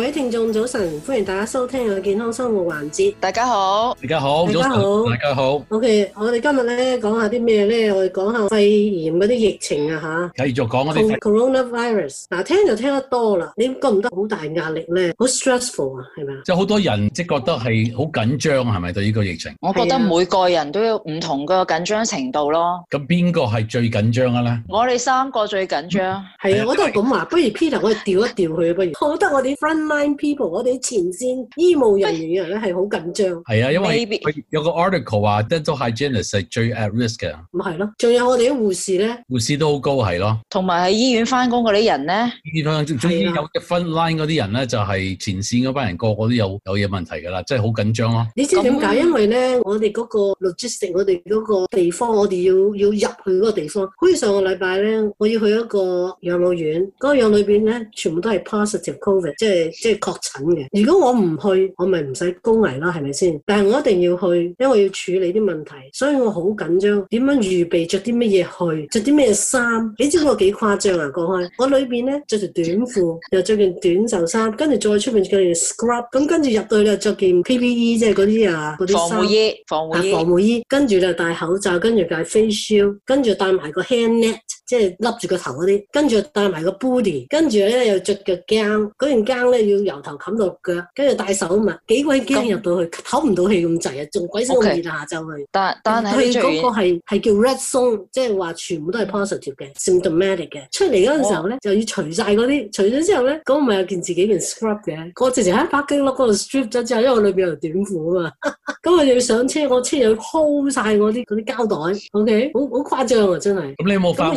各位聽眾早晨，歡迎大家收聽我嘅健康生活環節。大家好，大家好，早晨，大家好。OK，我哋今日咧講下啲咩咧？我哋講下肺炎嗰啲疫情啊吓。繼續講嗰啲。Coronavirus，嗱聽就聽得多啦。你覺唔覺得好大壓力咧？好 stressful 啊，係咪啊？即係好多人即係覺得係好緊張，係咪對呢個疫情？我覺得每個人都有唔同嘅緊張程度咯。咁邊個係最緊張嘅咧？我哋三個最緊張。係啊，我都係咁話。不如 Peter，我哋調一調佢啊。不如，我覺得我哋 friend。line people，我哋啲前線醫務人員咧係好緊張，係啊，因為佢有個 article 話 m e d t c a l hygienist 係最 at risk 嘅。咪係咯，仲有我哋啲護士咧，護士都好高係咯，同埋喺醫院翻工嗰啲人咧。總之有一分 line 嗰啲人咧，就係、是、前線嗰班人個個都有有嘢問題㗎啦，真係好緊張咯、啊。你知點解？嗯、因為咧，我哋嗰個 logistic，s 我哋嗰個地方，我哋要要入去嗰個地方。好似上個禮拜咧，我要去一個養老院，嗰、那個養老院咧，全部都係 positive covid，即係。即係確診嘅。如果我唔去，我咪唔使高危啦，係咪先？但係我一定要去，因為我要處理啲問題，所以我好緊張。點樣預備？着啲乜嘢去？着啲咩衫？你知唔知我幾誇張啊？過去我裏面咧着條短褲，又着件短袖衫，跟住再出面叫件 scrub，咁跟住入到去咧着件 PPE，即係嗰啲啊嗰啲防護衣，防護衣，防護衣。跟住呢，戴口罩，跟住戴 face shield，跟住戴埋個 hairnet。即係笠住個頭嗰啲，跟住戴埋個 booty，跟住咧又着腳 gang 嗰件 gang 咧要由頭冚到腳，跟住戴手嘛，幾鬼驚入到去，唞唔到氣咁滯啊，仲鬼死咁熱啊，下晝去。但係但係佢嗰個係叫 red zone，即係話全部都係 positive 嘅 symptomatic 嘅。出嚟嗰陣時候咧，哦、就要除晒嗰啲，除咗之後咧，咁唔係有件自己件 scrub 嘅，我直情喺北京路嗰度 strip 咗之後，因為我裏邊有短褲啊嘛，咁 我又要上車，我車又要鋪曬我啲嗰啲膠袋，ok，好好誇張啊，真係。咁你有冇翻？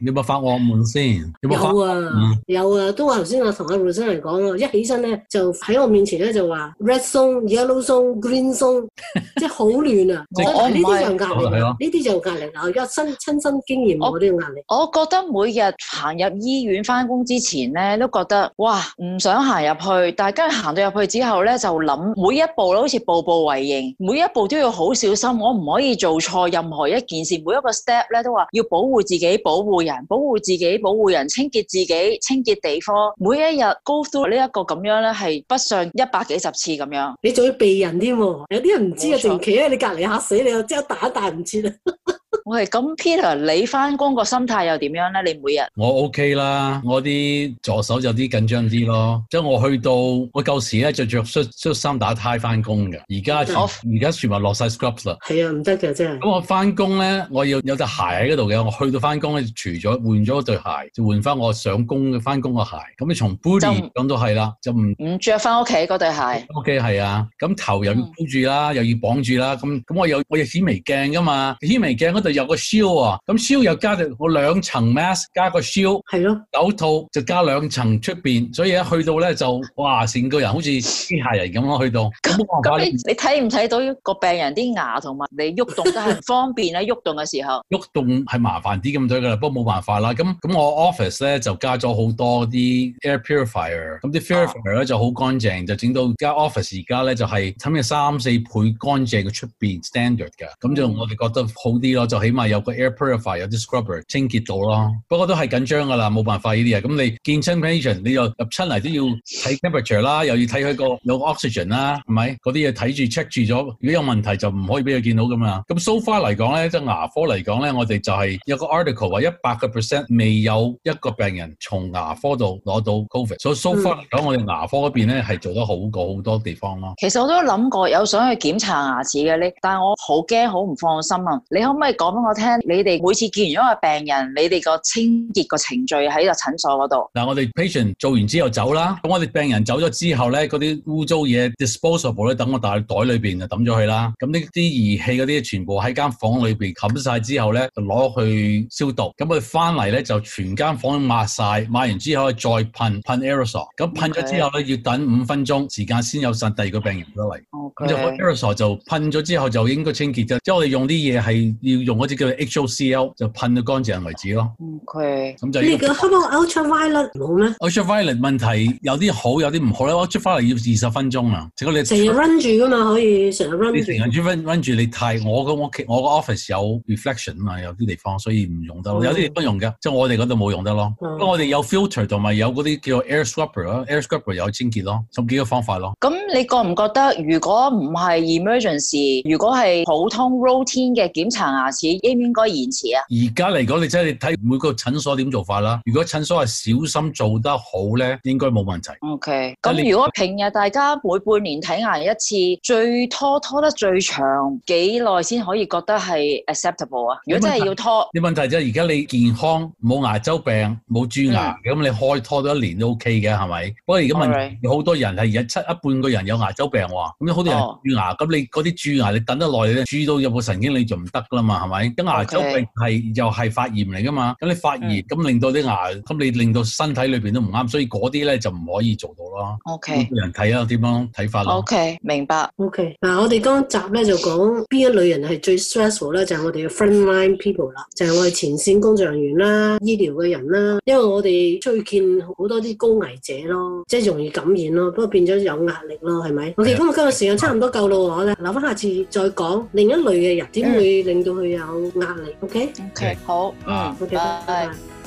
你冇發惡夢先？有啊，嗯、有啊，都話頭先我同阿羅生嚟講啊，一起身咧就喺我面前咧就話 red zone、而家 yellow zone、green zone， 即係好亂啊！ 以我呢啲就隔離，呢啲就隔離啦！而家親親身經驗有我啲壓力。我覺得每日行入醫院翻工之前咧，都覺得哇唔想行入去，但係跟住行到入去之後咧，就諗每一步好似步步為營，每一步都要好小心，我唔可以做錯任何一件事，每一個 step 咧都話要保護自己。保護人，保護自己，保護人，清潔自己，清潔地方。每一日 go through 呢一個咁樣咧，係不上一百幾十次咁樣。你仲要避人添，有啲人唔知啊，靜企喺你隔籬嚇死你啊，我即係彈彈唔切啊！ 我係咁，Peter，你翻工個心態又點樣咧？你每日我 OK 啦，我啲助手就有啲緊張啲咯。即係我去到我舊時咧就着恤恤衫打呔翻工嘅，而家而家全部、oh. 落晒 scrubs 啦。係啊，唔得嘅真係。咁我翻工咧，我要有對鞋喺嗰度嘅。我去到翻工咧，除咗換咗對鞋，就換翻我上工嘅翻工嘅鞋。咁你從 booty 咁就都係啦，就唔唔著翻屋企嗰對鞋。OK 係啊，咁頭又要箍住啦，嗯、又要綁住啦。咁咁我有我有顯微，微鏡㗎嘛？顯微，微鏡嗰對。有個 shield 啊，咁 shield 又加咗我兩層 mask，加個 shield, shield 係咯，手套就加兩層出面。所以一去到咧，就哇，成個人好似機械人咁咯，去到咁，你你睇唔睇到個病人啲牙，同埋你喐動，動都係唔方便咧，喐 動嘅時候喐動係麻煩啲咁多噶啦，不過冇辦法啦。咁咁我 office 咧就加咗好多啲 air purifier，咁啲 purifier 咧、啊、就好乾淨，就整到間 office 而家咧就係差唔多三四倍乾淨嘅出面 standard 㗎。咁就我哋覺得好啲咯、嗯、就。起碼有個 air purifier 有 scrubber 清潔到咯，不過都係緊張噶啦，冇辦法呢啲嘢。咁你見親 patient，你又入親嚟都要睇 temperature 啦，又要睇佢個有 oxygen 啦，係咪？嗰啲嘢睇住 check 住咗，如果有問題就唔可以俾佢見到㗎嘛。咁 so far 嚟講咧，即係牙科嚟講咧，我哋就係有一個 article 話一百個 percent 未有一個病人從牙科度攞到 covid，所以 so, so far 嚟講，嗯、我哋牙科嗰邊咧係做得好過好多地方咯。其實我都諗過有想去檢查牙齒嘅你，但係我好驚，好唔放心啊！你可唔可以講？講我聽，你哋每次見完一個病人，你哋個清潔個程序喺個診所嗰度。嗱，我哋 patient 做完之後走啦，咁我哋病人走咗之後咧，嗰啲污糟嘢 disposable 咧，Dis able, 等我帶去袋裏邊就抌咗佢啦。咁呢啲儀器嗰啲，全部喺間房裏邊冚晒之後咧，就攞去消毒。咁佢翻嚟咧就全間房抹晒，抹完之後再噴噴 aerosol。咁噴咗之後咧，Okay. 要等五分鐘時間先有晒第二個病人入嚟。咁 Okay. 就 aerosol 就噴咗之後就應該清潔咗。即、就、係、是、我哋用啲嘢係要用。我只叫 HOCL 就噴到乾淨為止咯。O.K. 咁、嗯嗯嗯、就、呢個、你哋講可 ultraviolet 唔好咩？Ultraviolet 問題有啲好有啲唔好咧。我出返嚟要二十分鐘啊！成日 run 住㗎嘛，可以成日 run 住。你 run 住你睇我個我嘅我 office 有 reflection 啊，有啲地方所以唔用得。有啲地方用嘅，即係我哋嗰度冇用得咯。不過我哋有 filter 同埋有嗰啲叫做 air scrubber air scrubber 有清潔咯，咁幾個方法咯。咁你覺唔覺得如果唔係 emergency，如果係普通 routine 嘅檢查牙齒？你應唔應該延遲啊？而家嚟講，你真係睇每個診所點做法啦。如果診所係小心做得好咧，應該冇問題。O Okay . K 你。咁如果平日大家每半年睇牙一次，最拖拖得最長幾耐先可以覺得係 acceptable 啊？如果真係要拖，你問題就係而家你健康冇牙周病冇蛀牙咁、嗯、你開可以拖多一年都 O K 嘅，係咪？嗯、不過而家問題好 Okay. 多人係一七一半個人有牙周病喎，咁有好多人蛀牙，咁、哦、你嗰啲蛀牙你等得耐咧，蛀到有冇神經你就唔得㗎啦嘛，係咪？咁牙周病係又係發炎嚟噶嘛？咁你發炎咁令到啲牙咁，你令到身體裏邊都唔啱，所以嗰啲咧就唔可以做到咯。O K，人睇啊，點樣睇法啊？O K，明白。O K，嗱，我哋今集咧就講邊一類人係最 stressful 咧，就係我哋嘅 frontline people 啦，就係我哋前綫工作人員啦、醫療嘅人啦。因為我哋最近好多啲高危者咯，即係容易感染咯，不過變咗有壓力咯，係咪？O K，咁我今日時間差唔多夠咯，我咧，留翻下次再講另一類嘅人點會令到佢啊？壓力，OK？OK，好，嗯，拜拜。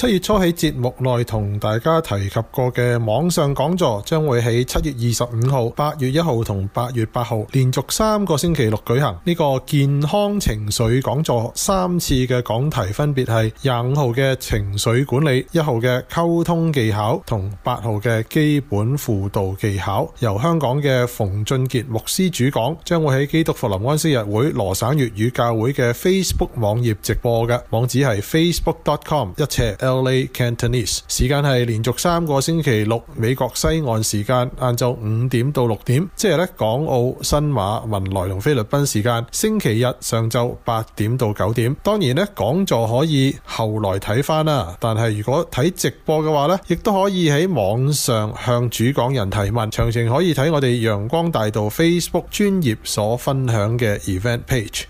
七月初喺節目內同大家提及過嘅網上講座將，將會喺七月二十五號、八月一號同八月八號連續三個星期六舉行呢、這個健康情緒講座。三次嘅講題分別係廿五號嘅情緒管理、一號嘅溝通技巧同八號嘅基本輔導技巧，由香港嘅馮俊傑牧師主講，將會喺基督復臨安息日會羅省粵語教會嘅 Facebook 網頁直播嘅網址係 facebook.com 一切。l a Cantonese，時間係連續三個星期六，美國西岸時間晏晝五點到六點，即係咧港澳新馬文萊同菲律賓時間星期日上晝八點到九點。當然咧講座可以後來睇翻啦，但係如果睇直播嘅話咧，亦都可以喺網上向主講人提問。詳情可以睇我哋陽光大道 Facebook 專業所分享嘅 Event Page。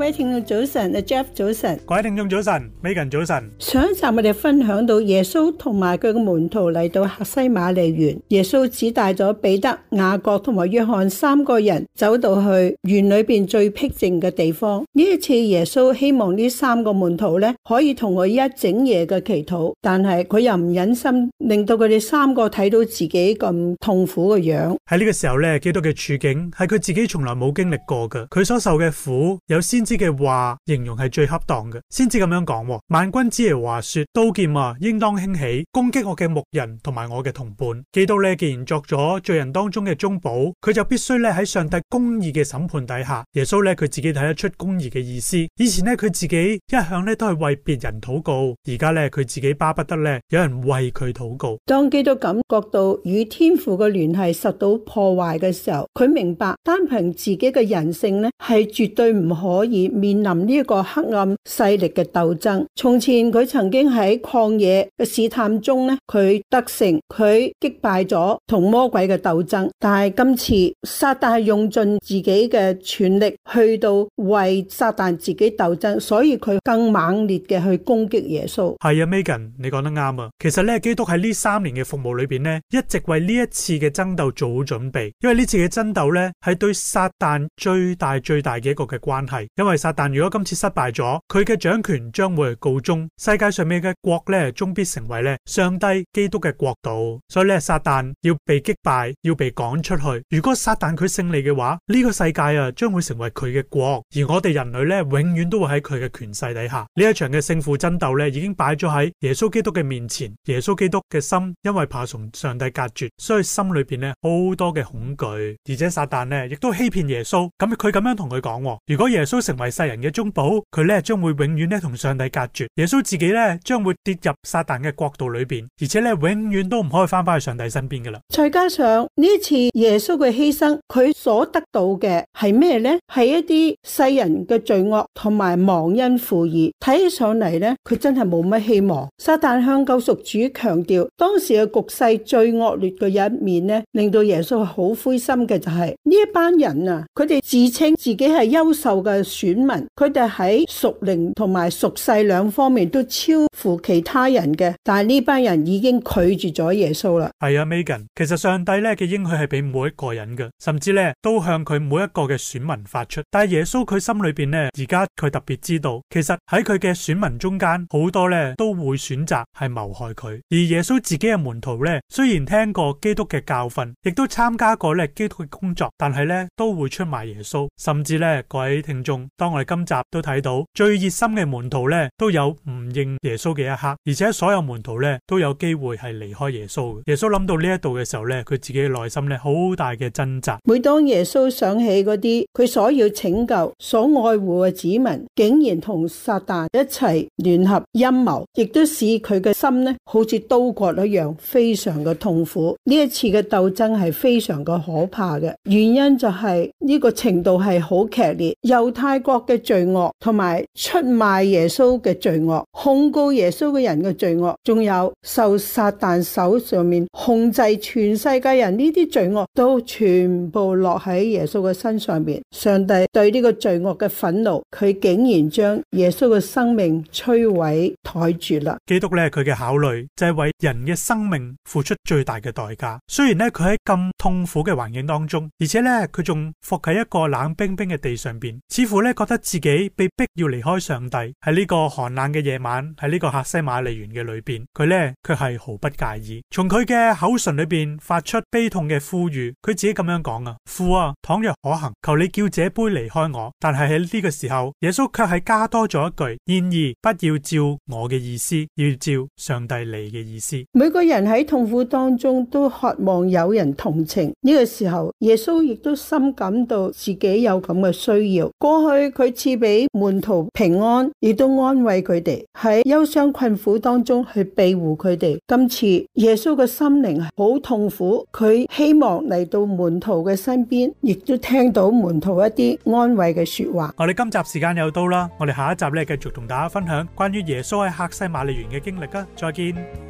各位聽眾早晨，Jeff 阿早晨，各位聽眾早晨，早晨，Megan 早晨。上一集我哋分享到耶穌同埋佢嘅門徒嚟到客西瑪利園，耶穌只帶咗彼得、雅各同埋約翰三個人走到去園裏邊最僻靜嘅地方。呢一次耶穌希望呢三個門徒咧可以同佢一整夜嘅祈禱，但係佢又唔忍心令到佢哋三個睇到自己咁痛苦嘅樣。喺呢個時候咧，基督嘅處境係佢自己從來冇經歷過嘅，佢所受嘅苦有先。嘅話形容係最恰當嘅，先至咁樣講。萬軍之爺話說，刀劍啊，應當興起攻擊我嘅牧人同埋我嘅同伴。基督咧，既然作咗罪人當中嘅中保，佢就必須咧喺上帝公義嘅審判底下。耶穌咧，佢自己睇得出公義嘅意思。以前呢，佢自己一向咧都係為別人禱告，而家咧佢自己巴不得咧有人為佢禱告。當基督感覺到與天父嘅聯繫受到破壞嘅時候，佢明白單憑自己嘅人性呢，係絕對唔可以。而面臨呢個黑暗勢力嘅鬥爭。從前佢曾經喺曠野嘅試探中呢，佢得勝，佢擊敗咗同魔鬼嘅鬥爭。但係今次撒旦係用盡自己嘅全力去到為撒旦自己鬥爭，所以佢更猛烈嘅去攻擊耶穌。係啊，Megan，你講得啱啊。其實呢，基督喺呢三年嘅服務裏邊呢，一直為呢一次嘅爭鬥做好準備，因為呢次嘅爭鬥呢，係對撒旦最大最大嘅一個嘅關係。因為撒旦如果今次失敗咗，佢嘅掌權將會告終。世界上面嘅國咧，終必成為咧上帝基督嘅國度。所以咧，撒旦要被擊敗，要被趕出去。如果撒旦佢勝利嘅話，呢個世界啊將會成為佢嘅國，而我哋人類咧永遠都會喺佢嘅權勢底下。呢一場嘅勝負爭鬥咧已經擺咗喺耶穌基督嘅面前。耶穌基督嘅心因為怕從上帝隔絕，所以心裏邊咧好多嘅恐懼。而且撒旦呢，亦都欺騙耶穌，咁佢咁樣同佢講：如果耶穌成為世人嘅中保，佢咧將會永遠咧同上帝隔絕。耶穌自己咧將會跌入撒旦嘅國度裏邊，而且咧永遠都唔可以翻翻去上帝身邊噶啦。再加上呢次耶穌嘅犧牲，佢所得到嘅係咩呢？係一啲世人嘅罪惡同埋忘恩負義，睇起上嚟呢，佢真係冇乜希望。撒旦向救贖主強調當時嘅局勢最惡劣嘅一面呢，令到耶穌好灰心嘅就係呢一班人啊，佢哋自稱自己係優秀嘅。選民，佢哋喺屬靈同埋屬世兩方面都超乎其他人嘅，但係呢班人已經拒絕咗耶穌啦。係啊，Megan，其實上帝咧嘅應許係俾每一個人嘅，甚至咧都向佢每一個嘅選民發出。但係耶穌佢心裏面咧，而家佢特別知道，其實喺佢嘅選民中間，好多咧都會選擇係謀害佢。而耶穌自己嘅門徒咧，雖然聽過基督嘅教訓，亦都參加過咧基督嘅工作，但係咧都會出賣耶穌，甚至咧各位聽眾。當我哋今集都睇到最熱心嘅門徒咧，都有唔認耶穌嘅一刻，而且所有門徒咧都有機會係離開耶穌。耶穌諗到呢一度嘅時候咧，佢自己嘅內心咧好大嘅掙扎。每當耶穌想起嗰啲佢所要拯救、所愛護嘅子民，竟然同撒旦一齊聯合陰謀，亦都使佢嘅心咧好似刀割一樣，非常嘅痛苦。呢一次嘅鬥爭係非常嘅可怕嘅，原因就係呢個程度係好劇烈，猶太國嘅罪惡同埋出賣耶穌嘅罪惡、控告耶穌嘅人嘅罪惡，仲有受撒旦手上面控制全世界人呢啲罪惡，都全部落喺耶穌嘅身上面。上帝對呢個罪惡嘅憤怒，佢竟然將耶穌嘅生命摧毀、台住啦。基督咧，佢嘅考慮就係為人嘅生命付出最大嘅代價。雖然咧佢喺咁痛苦嘅環境當中，而且咧佢仲伏喺一個冷冰冰嘅地上邊，似乎咧。覺得自己被逼要離開上帝，喺呢個寒冷嘅夜晚，喺呢個客西馬尼園嘅裏邊，佢呢，卻係毫不介意，從佢嘅口唇裏邊發出悲痛嘅呼籲。佢自己咁樣講啊：父啊，倘若可行，求你叫這杯離開我。但係喺呢個時候，耶穌卻係加多咗一句：然而不要照我嘅意思，要照上帝嚟嘅意思。每個人喺痛苦當中都渴望有人同情。呢個時候，耶穌亦都深感到自己有咁嘅需要。過去。佢賜俾門徒平安，亦都安慰佢哋喺憂傷困苦當中去庇護佢哋。今次耶穌嘅心靈好痛苦，佢希望嚟到門徒嘅身邊，亦都聽到門徒一啲安慰嘅說話。我哋今集時間又到啦，我哋下一集咧繼續同大家分享關於耶穌喺客西馬利園嘅經歷啊！再見。